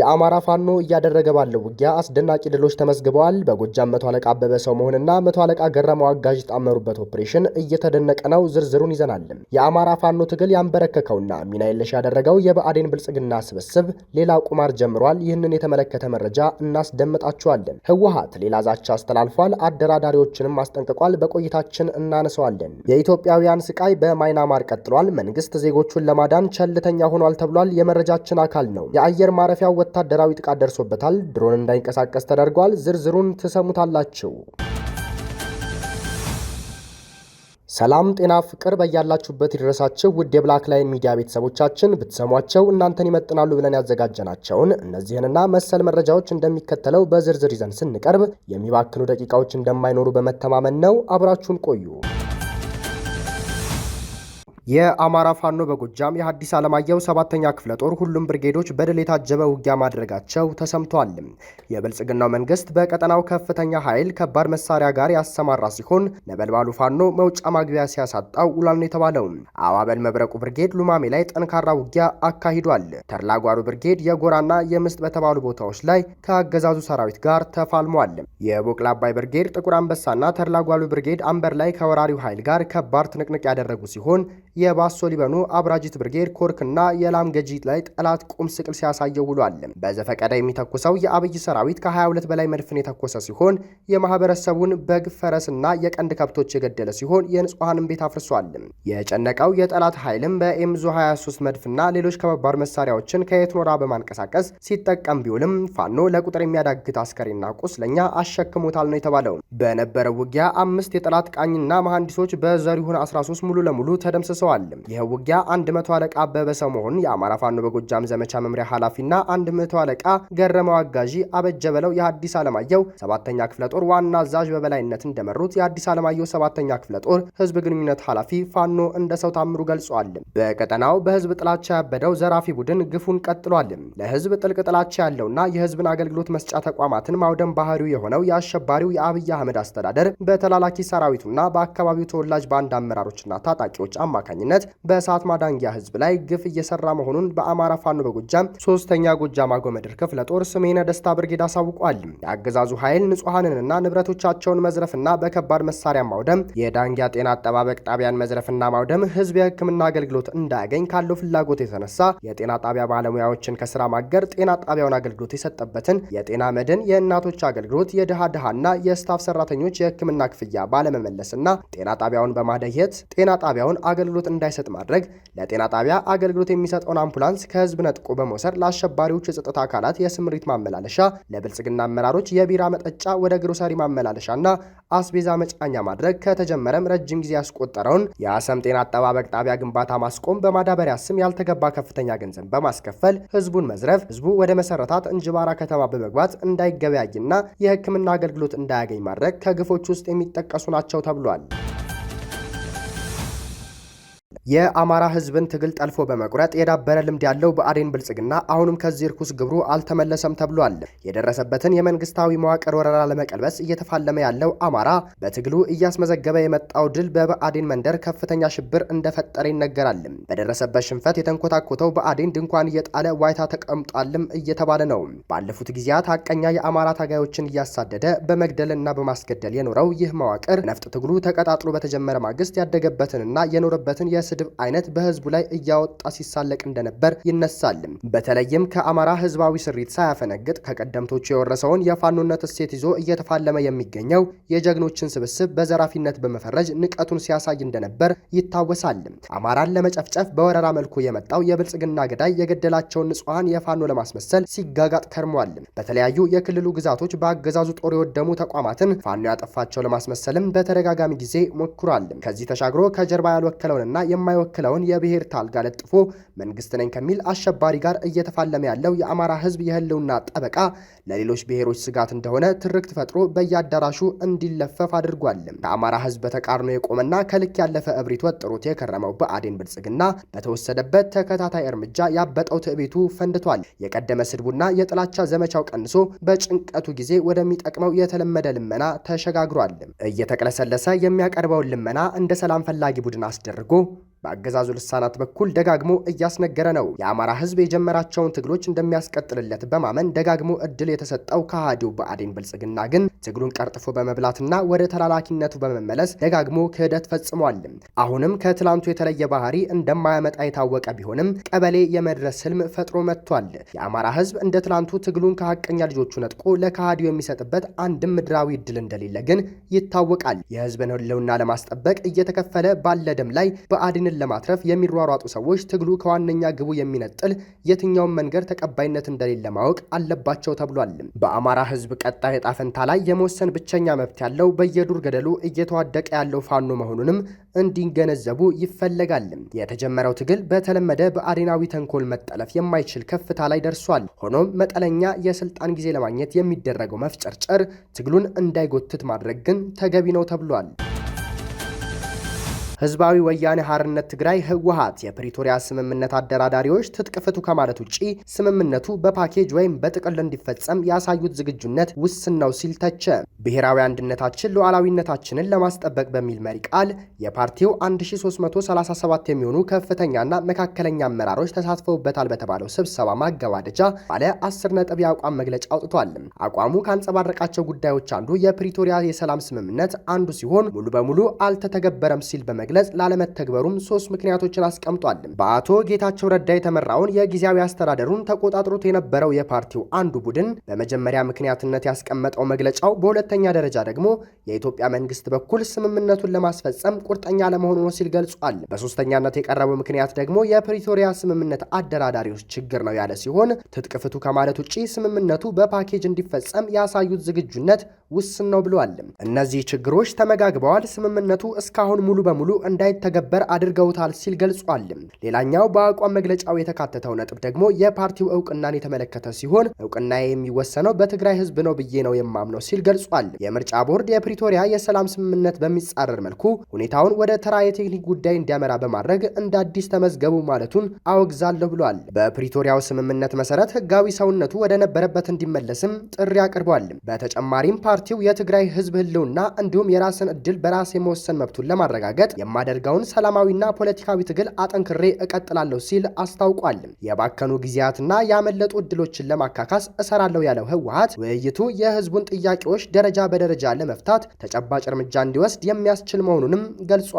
የአማራ ፋኖ እያደረገ ባለው ውጊያ አስደናቂ ድሎች ተመዝግበዋል። በጎጃም መቶ አለቃ አበበ ሰው መሆንና መቶ አለቃ ገረመው አጋዥ የጣመሩበት ኦፕሬሽን እየተደነቀ ነው። ዝርዝሩን ይዘናል። የአማራ ፋኖ ትግል ያንበረከከውና ሚና የለሽ ያደረገው የብአዴን ብልጽግና ስብስብ ሌላ ቁማር ጀምሯል። ይህንን የተመለከተ መረጃ እናስደምጣችኋለን። ህወሀት ሌላ ዛቻ አስተላልፏል። አደራዳሪዎችንም አስጠንቅቋል። በቆይታችን እናነሰዋለን። የኢትዮጵያውያን ስቃይ በማይናማር ቀጥሏል። መንግስት ዜጎቹን ለማዳን ቸልተኛ ሆኗል ተብሏል። የመረጃችን አካል ነው። የአየር ማረፊያው ወታደራዊ ጥቃት ደርሶበታል። ድሮን እንዳይንቀሳቀስ ተደርጓል። ዝርዝሩን ትሰሙታላችሁ። ሰላም ጤና ፍቅር በያላችሁበት ይድረሳችሁ። ውድ የብላክ ላይን ሚዲያ ቤተሰቦቻችን ብትሰሟቸው እናንተን ይመጥናሉ ብለን ያዘጋጀናቸውን እነዚህንና መሰል መረጃዎች እንደሚከተለው በዝርዝር ይዘን ስንቀርብ የሚባክኑ ደቂቃዎች እንደማይኖሩ በመተማመን ነው። አብራችሁን ቆዩ። የአማራ ፋኖ በጎጃም የሐዲስ ዓለማየሁ ሰባተኛ ክፍለ ጦር ሁሉም ብርጌዶች በድል የታጀበ ውጊያ ማድረጋቸው ተሰምቷል። የብልጽግናው መንግስት በቀጠናው ከፍተኛ ኃይል ከባድ መሳሪያ ጋር ያሰማራ ሲሆን ነበልባሉ ፋኖ መውጫ ማግቢያ ሲያሳጣው ውሏል የተባለው። አዋበል መብረቁ ብርጌድ ሉማሜ ላይ ጠንካራ ውጊያ አካሂዷል። ተርላጓሩ ብርጌድ የጎራና የምስጥ በተባሉ ቦታዎች ላይ ከአገዛዙ ሰራዊት ጋር ተፋልሟል። የቦቅላ አባይ ብርጌድ ጥቁር አንበሳና ተርላጓሉ ብርጌድ አንበር ላይ ከወራሪው ኃይል ጋር ከባድ ትንቅንቅ ያደረጉ ሲሆን የባሶ ሊበኑ አብራጅት ብርጌድ ኮርክና የላም ገጂ ላይ ጠላት ቁም ስቅል ሲያሳየው ውሏል። በዘፈቀደ የሚተኩሰው የአብይ ሰራዊት ከ22 በላይ መድፍን የተኮሰ ሲሆን የማህበረሰቡን በግ፣ ፈረስና የቀንድ ከብቶች የገደለ ሲሆን የንጹሃንን ቤት አፍርሷል። የጨነቀው የጠላት ኃይልም በኤምዙ 23 መድፍና ሌሎች ከባባድ መሳሪያዎችን ከየትኖራ በማንቀሳቀስ ሲጠቀም ቢውልም ፋኖ ለቁጥር የሚያዳግት አስከሬና ቁስለኛ አሸክሞታል ነው የተባለው። በነበረው ውጊያ አምስት የጠላት ቃኝና መሐንዲሶች በዘሪሁን 13 ሙሉ ለሙሉ ተደምስሰዋል። ተናግረዋል። ይህ ውጊያ አንድ መቶ አለቃ አበበ የአማራ ፋኖ በጎጃም ዘመቻ መምሪያ ኃላፊና አንድ መቶ አለቃ ገረመው አጋዢ አበጀ በለው የሐዲስ ዓለማየሁ ሰባተኛ ክፍለ ጦር ዋና አዛዥ በበላይነት እንደመሩት የአዲስ አለማየሁ ሰባተኛ ክፍለ ጦር ህዝብ ግንኙነት ኃላፊ ፋኖ እንደ ሰው ታምሩ ገልጿል። በቀጠናው በህዝብ ጥላቻ ያበደው ዘራፊ ቡድን ግፉን ቀጥሏል። ለህዝብ ጥልቅ ጥላቻ ያለውና የህዝብን አገልግሎት መስጫ ተቋማትን ማውደም ባህሪው የሆነው የአሸባሪው የአብይ አህመድ አስተዳደር በተላላኪ ሰራዊቱና በአካባቢው ተወላጅ ባንድ አመራሮችና ታጣቂዎች አማካይ አማካኝነት በእሳት ማዳንጊያ ህዝብ ላይ ግፍ እየሰራ መሆኑን በአማራ ፋኖ በጎጃም ሶስተኛ ጎጃም አጎመድር ክፍለ ጦር ስሜነ ደስታ ብርጌድ አሳውቋል። የአገዛዙ ኃይል ንጹሐንንና ንብረቶቻቸውን መዝረፍና በከባድ መሳሪያ ማውደም፣ የዳንጊያ ጤና አጠባበቅ ጣቢያን መዝረፍና ማውደም ህዝብ የህክምና አገልግሎት እንዳያገኝ ካለው ፍላጎት የተነሳ የጤና ጣቢያ ባለሙያዎችን ከስራ ማገር፣ ጤና ጣቢያውን አገልግሎት የሰጠበትን የጤና መድን፣ የእናቶች አገልግሎት፣ የድሃ ድሃና የስታፍ ሰራተኞች የህክምና ክፍያ ባለመመለስና ጤና ጣቢያውን በማደየት ጤና ጣቢያውን አገልግሎት አገልግሎት እንዳይሰጥ ማድረግ፣ ለጤና ጣቢያ አገልግሎት የሚሰጠውን አምቡላንስ ከህዝብ ነጥቆ በመውሰድ ለአሸባሪዎች የጸጥታ አካላት የስምሪት ማመላለሻ፣ ለብልጽግና አመራሮች የቢራ መጠጫ ወደ ግሮሰሪ ማመላለሻና አስቤዛ መጫኛ ማድረግ ከተጀመረም ረጅም ጊዜ ያስቆጠረውን የአሰም ጤና አጠባበቅ ጣቢያ ግንባታ ማስቆም፣ በማዳበሪያ ስም ያልተገባ ከፍተኛ ገንዘብ በማስከፈል ህዝቡን መዝረፍ፣ ህዝቡ ወደ መሰረታት እንጅባራ ከተማ በመግባት እንዳይገበያይና የህክምና አገልግሎት እንዳያገኝ ማድረግ ከግፎች ውስጥ የሚጠቀሱ ናቸው ተብሏል። የአማራ ህዝብን ትግል ጠልፎ በመቁረጥ የዳበረ ልምድ ያለው ብአዴን ብልጽግና አሁንም ከዚህ ርኩስ ግብሩ አልተመለሰም ተብሏል። የደረሰበትን የመንግስታዊ መዋቅር ወረራ ለመቀልበስ እየተፋለመ ያለው አማራ በትግሉ እያስመዘገበ የመጣው ድል በብአዴን መንደር ከፍተኛ ሽብር እንደፈጠረ ይነገራል። በደረሰበት ሽንፈት የተንኮታኮተው ብአዴን ድንኳን እየጣለ ዋይታ ተቀምጧልም እየተባለ ነው። ባለፉት ጊዜያት ሀቀኛ የአማራ ታጋዮችን እያሳደደ በመግደልና በማስገደል የኖረው ይህ መዋቅር ነፍጥ ትግሉ ተቀጣጥሎ በተጀመረ ማግስት ያደገበትንና የኖረበትን የስ ስድብ አይነት በህዝቡ ላይ እያወጣ ሲሳለቅ እንደነበር ይነሳልም። በተለይም ከአማራ ህዝባዊ ስሪት ሳያፈነግጥ ከቀደምቶቹ የወረሰውን የፋኖነት እሴት ይዞ እየተፋለመ የሚገኘው የጀግኖችን ስብስብ በዘራፊነት በመፈረጅ ንቀቱን ሲያሳይ እንደነበር ይታወሳልም። አማራን ለመጨፍጨፍ በወረራ መልኩ የመጣው የብልጽግና ገዳይ የገደላቸውን ንጹሐን የፋኖ ለማስመሰል ሲጋጋጥ ከርሟልም። በተለያዩ የክልሉ ግዛቶች በአገዛዙ ጦር የወደሙ ተቋማትን ፋኖ ያጠፋቸው ለማስመሰልም በተደጋጋሚ ጊዜ ሞክሯልም። ከዚህ ተሻግሮ ከጀርባ ያልወከለውንና የማ የማይወክለውን የብሔር ታልጋ ለጥፎ መንግስት ነኝ ከሚል አሸባሪ ጋር እየተፋለመ ያለው የአማራ ህዝብ የህልውና ጠበቃ ለሌሎች ብሔሮች ስጋት እንደሆነ ትርክት ፈጥሮ በየአዳራሹ እንዲለፈፍ አድርጓል። ከአማራ ህዝብ በተቃርኖ የቆመና ከልክ ያለፈ እብሪት ወጥሮት የከረመው በአዴን ብልጽግና በተወሰደበት ተከታታይ እርምጃ ያበጠው ትዕቢቱ ፈንድቷል። የቀደመ ስድቡና የጥላቻ ዘመቻው ቀንሶ በጭንቀቱ ጊዜ ወደሚጠቅመው የተለመደ ልመና ተሸጋግሯል። እየተቀለሰለሰ የሚያቀርበውን ልመና እንደ ሰላም ፈላጊ ቡድን አስደርጎ በአገዛዙ ልሳናት በኩል ደጋግሞ እያስነገረ ነው። የአማራ ህዝብ የጀመራቸውን ትግሎች እንደሚያስቀጥልለት በማመን ደጋግሞ እድል የተሰጠው ከሃዲው ብአዴን ብልጽግና ግን ትግሉን ቀርጥፎ በመብላትና ወደ ተላላኪነቱ በመመለስ ደጋግሞ ክህደት ፈጽሟል። አሁንም ከትላንቱ የተለየ ባህሪ እንደማያመጣ የታወቀ ቢሆንም ቀበሌ የመድረስ ህልም ፈጥሮ መጥቷል። የአማራ ህዝብ እንደ ትላንቱ ትግሉን ከሀቀኛ ልጆቹ ነጥቆ ለከሃዲው የሚሰጥበት አንድም ምድራዊ እድል እንደሌለ ግን ይታወቃል። የህዝብን ህልውና ለማስጠበቅ እየተከፈለ ባለ ደም ላይ ብአዴን ድል ለማትረፍ የሚሯሯጡ ሰዎች ትግሉ ከዋነኛ ግቡ የሚነጥል የትኛውን መንገድ ተቀባይነት እንደሌለ ማወቅ አለባቸው ተብሏል። በአማራ ህዝብ ቀጣይ ዕጣ ፈንታ ላይ የመወሰን ብቸኛ መብት ያለው በየዱር ገደሉ እየተዋደቀ ያለው ፋኖ መሆኑንም እንዲገነዘቡ ይፈለጋል። የተጀመረው ትግል በተለመደ በአዴናዊ ተንኮል መጠለፍ የማይችል ከፍታ ላይ ደርሷል። ሆኖም መጠለኛ የስልጣን ጊዜ ለማግኘት የሚደረገው መፍጨርጨር ትግሉን እንዳይጎትት ማድረግ ግን ተገቢ ነው ተብሏል። ህዝባዊ ወያኔ ሀርነት ትግራይ ህወሀት የፕሪቶሪያ ስምምነት አደራዳሪዎች ትጥቅ ፍቱ ከማለት ውጪ ስምምነቱ በፓኬጅ ወይም በጥቅል እንዲፈጸም ያሳዩት ዝግጁነት ውስን ነው ሲል ተቸ። ብሔራዊ አንድነታችን ሉዓላዊነታችንን ለማስጠበቅ በሚል መሪ ቃል የፓርቲው 1337 የሚሆኑ ከፍተኛና መካከለኛ አመራሮች ተሳትፈውበታል በተባለው ስብሰባ ማገባደጃ ባለ 10 ነጥብ የአቋም መግለጫ አውጥቷል። አቋሙ ካንጸባረቃቸው ጉዳዮች አንዱ የፕሪቶሪያ የሰላም ስምምነት አንዱ ሲሆን ሙሉ በሙሉ አልተተገበረም ሲል በመ በመግለጽ ላለመተግበሩም ሶስት ምክንያቶችን አስቀምጧል። በአቶ ጌታቸው ረዳ የተመራውን የጊዜያዊ አስተዳደሩን ተቆጣጥሮት የነበረው የፓርቲው አንዱ ቡድን በመጀመሪያ ምክንያትነት ያስቀመጠው መግለጫው፣ በሁለተኛ ደረጃ ደግሞ የኢትዮጵያ መንግስት በኩል ስምምነቱን ለማስፈጸም ቁርጠኛ ለመሆኑ ነው ሲል ገልጿል። በሶስተኛነት የቀረበው ምክንያት ደግሞ የፕሪቶሪያ ስምምነት አደራዳሪዎች ችግር ነው ያለ ሲሆን ትጥቅ ፍቱ ከማለት ውጪ ስምምነቱ በፓኬጅ እንዲፈጸም ያሳዩት ዝግጁነት ውስን ነው ብለዋል። እነዚህ ችግሮች ተመጋግበዋል። ስምምነቱ እስካሁን ሙሉ በሙሉ እንዳይተገበር አድርገውታል ሲል ገልጿል። ሌላኛው በአቋም መግለጫው የተካተተው ነጥብ ደግሞ የፓርቲው እውቅናን የተመለከተ ሲሆን እውቅና የሚወሰነው በትግራይ ህዝብ ነው ብዬ ነው የማምነው ሲል ገልጿል። የምርጫ ቦርድ የፕሪቶሪያ የሰላም ስምምነት በሚጻረር መልኩ ሁኔታውን ወደ ተራ የቴክኒክ ጉዳይ እንዲያመራ በማድረግ እንደ አዲስ ተመዝገቡ ማለቱን አወግዛለሁ ብሏል። በፕሪቶሪያው ስምምነት መሰረት ህጋዊ ሰውነቱ ወደ ነበረበት እንዲመለስም ጥሪ አቅርቧል። በተጨማሪም ፓርቲው የትግራይ ህዝብ ህልውና እንዲሁም የራስን እድል በራስ የመወሰን መብቱን ለማረጋገጥ የማደርገውን ሰላማዊና ፖለቲካዊ ትግል አጠንክሬ እቀጥላለሁ ሲል አስታውቋል። የባከኑ ጊዜያትና ያመለጡ እድሎችን ለማካካስ እሰራለሁ ያለው ህወሓት ውይይቱ የህዝቡን ጥያቄዎች ደረጃ በደረጃ ለመፍታት ተጨባጭ እርምጃ እንዲወስድ የሚያስችል መሆኑንም ገልጿል።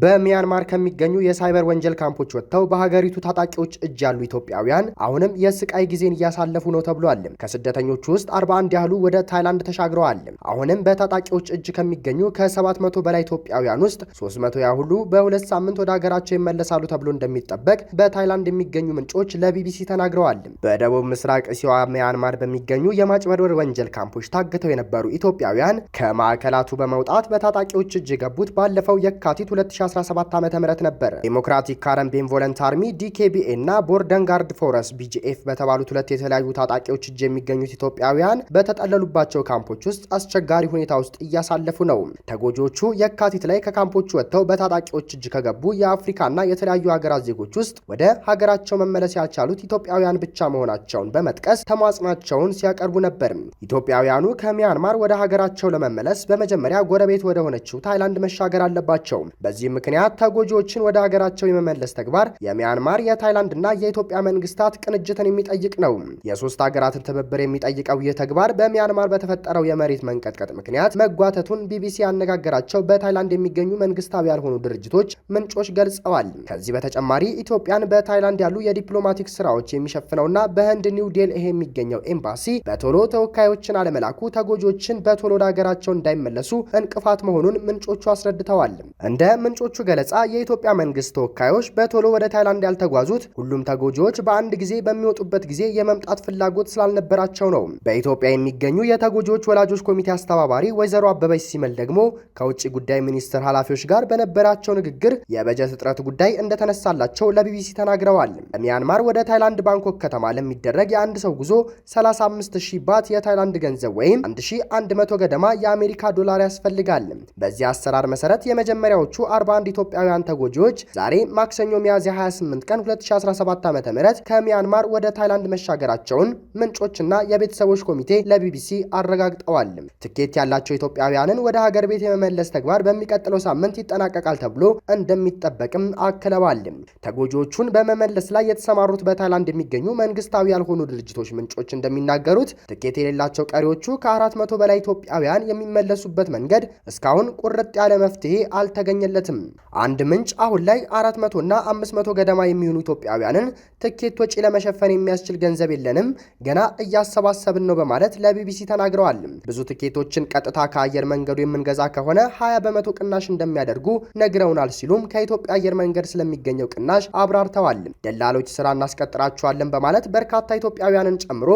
በሚያንማር ከሚገኙ የሳይበር ወንጀል ካምፖች ወጥተው በሀገሪቱ ታጣቂዎች እጅ ያሉ ኢትዮጵያውያን አሁንም የስቃይ ጊዜን እያሳለፉ ነው ተብሏል። ከስደተኞቹ ውስጥ 41 ያህሉ ወደ ታይላንድ ተሻግረዋል። አሁንም በታጣቂዎች እጅ ከሚገኙ ከ700 በላይ ኢትዮጵያውያን ውስጥ 300 ያህሉ በሁለት ሳምንት ወደ ሀገራቸው ይመለሳሉ ተብሎ እንደሚጠበቅ በታይላንድ የሚገኙ ምንጮች ለቢቢሲ ተናግረዋል። በደቡብ ምስራቅ እስያ ሚያንማር በሚገኙ የማጭበርበር ወንጀል ካምፖች ታግተው የነበሩ ኢትዮጵያውያን ከማዕከላቱ በመውጣት በታጣቂዎች እጅ የገቡት ባለፈው የካቲት 2 2017 ዓ ም ነበር ዴሞክራቲክ ካረን ቤንቮለንት አርሚ ዲኬቢኤ እና ቦርደንጋርድ ፎረስ ቢጂኤፍ በተባሉት ሁለት የተለያዩ ታጣቂዎች እጅ የሚገኙት ኢትዮጵያውያን በተጠለሉባቸው ካምፖች ውስጥ አስቸጋሪ ሁኔታ ውስጥ እያሳለፉ ነው። ተጎጂዎቹ የካቲት ላይ ከካምፖቹ ወጥተው በታጣቂዎች እጅ ከገቡ የአፍሪካና የተለያዩ ሀገራት ዜጎች ውስጥ ወደ ሀገራቸው መመለስ ያልቻሉት ኢትዮጵያውያን ብቻ መሆናቸውን በመጥቀስ ተማጽናቸውን ሲያቀርቡ ነበር። ኢትዮጵያውያኑ ከሚያንማር ወደ ሀገራቸው ለመመለስ በመጀመሪያ ጎረቤት ወደ ሆነችው ታይላንድ መሻገር አለባቸው። በዚህ በዚህ ምክንያት ተጎጂዎችን ወደ ሀገራቸው የመመለስ ተግባር የሚያንማር የታይላንድና የኢትዮጵያ መንግስታት ቅንጅትን የሚጠይቅ ነው። የሶስት ሀገራትን ትብብር የሚጠይቀው ይህ ተግባር በሚያንማር በተፈጠረው የመሬት መንቀጥቀጥ ምክንያት መጓተቱን ቢቢሲ ያነጋገራቸው በታይላንድ የሚገኙ መንግስታዊ ያልሆኑ ድርጅቶች ምንጮች ገልጸዋል። ከዚህ በተጨማሪ ኢትዮጵያን በታይላንድ ያሉ የዲፕሎማቲክ ስራዎች የሚሸፍነውና በህንድ ኒው ዴልሂ የሚገኘው ኤምባሲ በቶሎ ተወካዮችን አለመላኩ ተጎጂዎችን በቶሎ ወደ ሀገራቸው እንዳይመለሱ እንቅፋት መሆኑን ምንጮቹ አስረድተዋል። እንደ ምን ምንጮቹ ገለጻ የኢትዮጵያ መንግስት ተወካዮች በቶሎ ወደ ታይላንድ ያልተጓዙት ሁሉም ተጎጂዎች በአንድ ጊዜ በሚወጡበት ጊዜ የመምጣት ፍላጎት ስላልነበራቸው ነው። በኢትዮጵያ የሚገኙ የተጎጂዎች ወላጆች ኮሚቴ አስተባባሪ ወይዘሮ አበበች ሲመል ደግሞ ከውጭ ጉዳይ ሚኒስቴር ኃላፊዎች ጋር በነበራቸው ንግግር የበጀት እጥረት ጉዳይ እንደተነሳላቸው ለቢቢሲ ተናግረዋል። በሚያንማር ወደ ታይላንድ ባንኮክ ከተማ ለሚደረግ የአንድ ሰው ጉዞ 35 ሺህ ባት የታይላንድ ገንዘብ ወይም 1100 ገደማ የአሜሪካ ዶላር ያስፈልጋል። በዚህ አሰራር መሰረት የመጀመሪያዎቹ 41 ኢትዮጵያውያን ተጎጂዎች ዛሬ ማክሰኞ ሚያዝያ 28 ቀን 2017 ዓ.ም ከሚያንማር ወደ ታይላንድ መሻገራቸውን ምንጮችና የቤተሰቦች ኮሚቴ ለቢቢሲ አረጋግጠዋል። ትኬት ያላቸው ኢትዮጵያውያንን ወደ ሀገር ቤት የመመለስ ተግባር በሚቀጥለው ሳምንት ይጠናቀቃል ተብሎ እንደሚጠበቅም አክለዋል። ተጎጂዎቹን በመመለስ ላይ የተሰማሩት በታይላንድ የሚገኙ መንግስታዊ ያልሆኑ ድርጅቶች ምንጮች እንደሚናገሩት ትኬት የሌላቸው ቀሪዎቹ ከ መቶ በላይ ኢትዮጵያውያን የሚመለሱበት መንገድ እስካሁን ቁርጥ ያለ መፍትሄ አልተገኘለትም። አንድ ምንጭ አሁን ላይ 400 እና 500 ገደማ የሚሆኑ ኢትዮጵያውያንን ትኬት ወጪ ለመሸፈን የሚያስችል ገንዘብ የለንም፣ ገና እያሰባሰብን ነው በማለት ለቢቢሲ ተናግረዋል። ብዙ ትኬቶችን ቀጥታ ከአየር መንገዱ የምንገዛ ከሆነ 20 በመቶ ቅናሽ እንደሚያደርጉ ነግረውናል ሲሉም ከኢትዮጵያ አየር መንገድ ስለሚገኘው ቅናሽ አብራርተዋል። ደላሎች ስራ እናስቀጥራቸዋለን በማለት በርካታ ኢትዮጵያውያንን ጨምሮ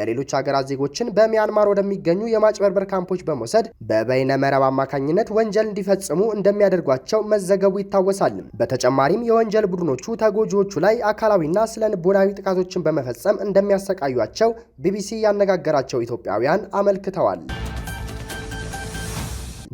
የሌሎች ሀገራት ዜጎችን በሚያንማር ወደሚገኙ የማጭበርበር ካምፖች በመውሰድ በበይነ መረብ አማካኝነት ወንጀል እንዲፈጽሙ እንደሚያደርጓቸው መዘገቡ ይታወሳል። በተጨማሪም የወንጀል ቡድኖቹ ተጎጂዎቹ ላይ አካላዊና ስነ ልቦናዊ ጥቃቶችን በመፈጸም እንደሚያሰቃዩቸው ቢቢሲ ያነጋገራቸው ኢትዮጵያውያን አመልክተዋል።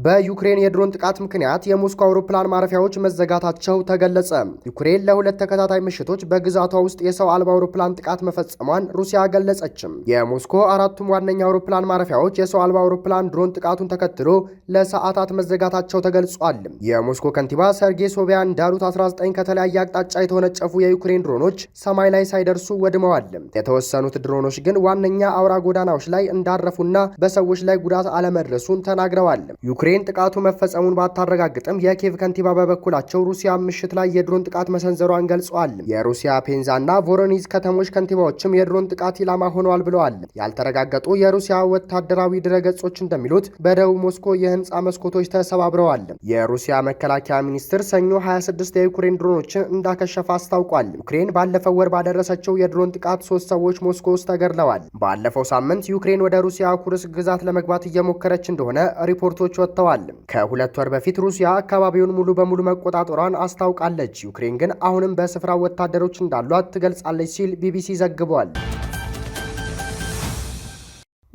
በዩክሬን የድሮን ጥቃት ምክንያት የሞስኮ አውሮፕላን ማረፊያዎች መዘጋታቸው ተገለጸ። ዩክሬን ለሁለት ተከታታይ ምሽቶች በግዛቷ ውስጥ የሰው አልባ አውሮፕላን ጥቃት መፈጸሟን ሩሲያ ገለጸችም። የሞስኮ አራቱም ዋነኛ አውሮፕላን ማረፊያዎች የሰው አልባ አውሮፕላን ድሮን ጥቃቱን ተከትሎ ለሰዓታት መዘጋታቸው ተገልጿል። የሞስኮ ከንቲባ ሰርጌ ሶቢያን እንዳሉት 19 ከተለያየ አቅጣጫ የተወነጨፉ የዩክሬን ድሮኖች ሰማይ ላይ ሳይደርሱ ወድመዋል። የተወሰኑት ድሮኖች ግን ዋነኛ አውራ ጎዳናዎች ላይ እንዳረፉና በሰዎች ላይ ጉዳት አለመድረሱን ተናግረዋል። ዩክሬን ዩክሬን ጥቃቱ መፈጸሙን ባታረጋግጥም የኬቭ ከንቲባ በበኩላቸው ሩሲያ ምሽት ላይ የድሮን ጥቃት መሰንዘሯን ገልጸዋል። የሩሲያ ፔንዛ እና ቮሮኒዝ ከተሞች ከንቲባዎችም የድሮን ጥቃት ኢላማ ሆነዋል ብለዋል። ያልተረጋገጡ የሩሲያ ወታደራዊ ድረገጾች እንደሚሉት በደቡብ ሞስኮ የህንፃ መስኮቶች ተሰባብረዋል። የሩሲያ መከላከያ ሚኒስትር ሰኞ 26 የዩክሬን ድሮኖችን እንዳከሸፈ አስታውቋል። ዩክሬን ባለፈው ወር ባደረሰችው የድሮን ጥቃት ሶስት ሰዎች ሞስኮ ውስጥ ተገድለዋል። ባለፈው ሳምንት ዩክሬን ወደ ሩሲያ ኩርስ ግዛት ለመግባት እየሞከረች እንደሆነ ሪፖርቶች ወጥተዋል። ተሰጥተዋል። ከሁለት ወር በፊት ሩሲያ አካባቢውን ሙሉ በሙሉ መቆጣጠሯን አስታውቃለች። ዩክሬን ግን አሁንም በስፍራው ወታደሮች እንዳሏት ትገልጻለች ሲል ቢቢሲ ዘግቧል።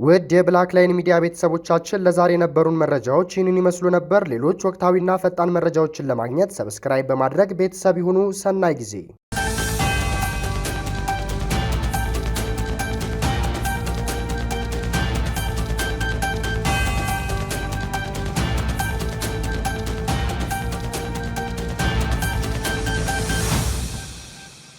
ውድ የብላክ ላይን ሚዲያ ቤተሰቦቻችን ለዛሬ የነበሩን መረጃዎች ይህንን ይመስሉ ነበር። ሌሎች ወቅታዊና ፈጣን መረጃዎችን ለማግኘት ሰብስክራይብ በማድረግ ቤተሰብ ይሁኑ። ሰናይ ጊዜ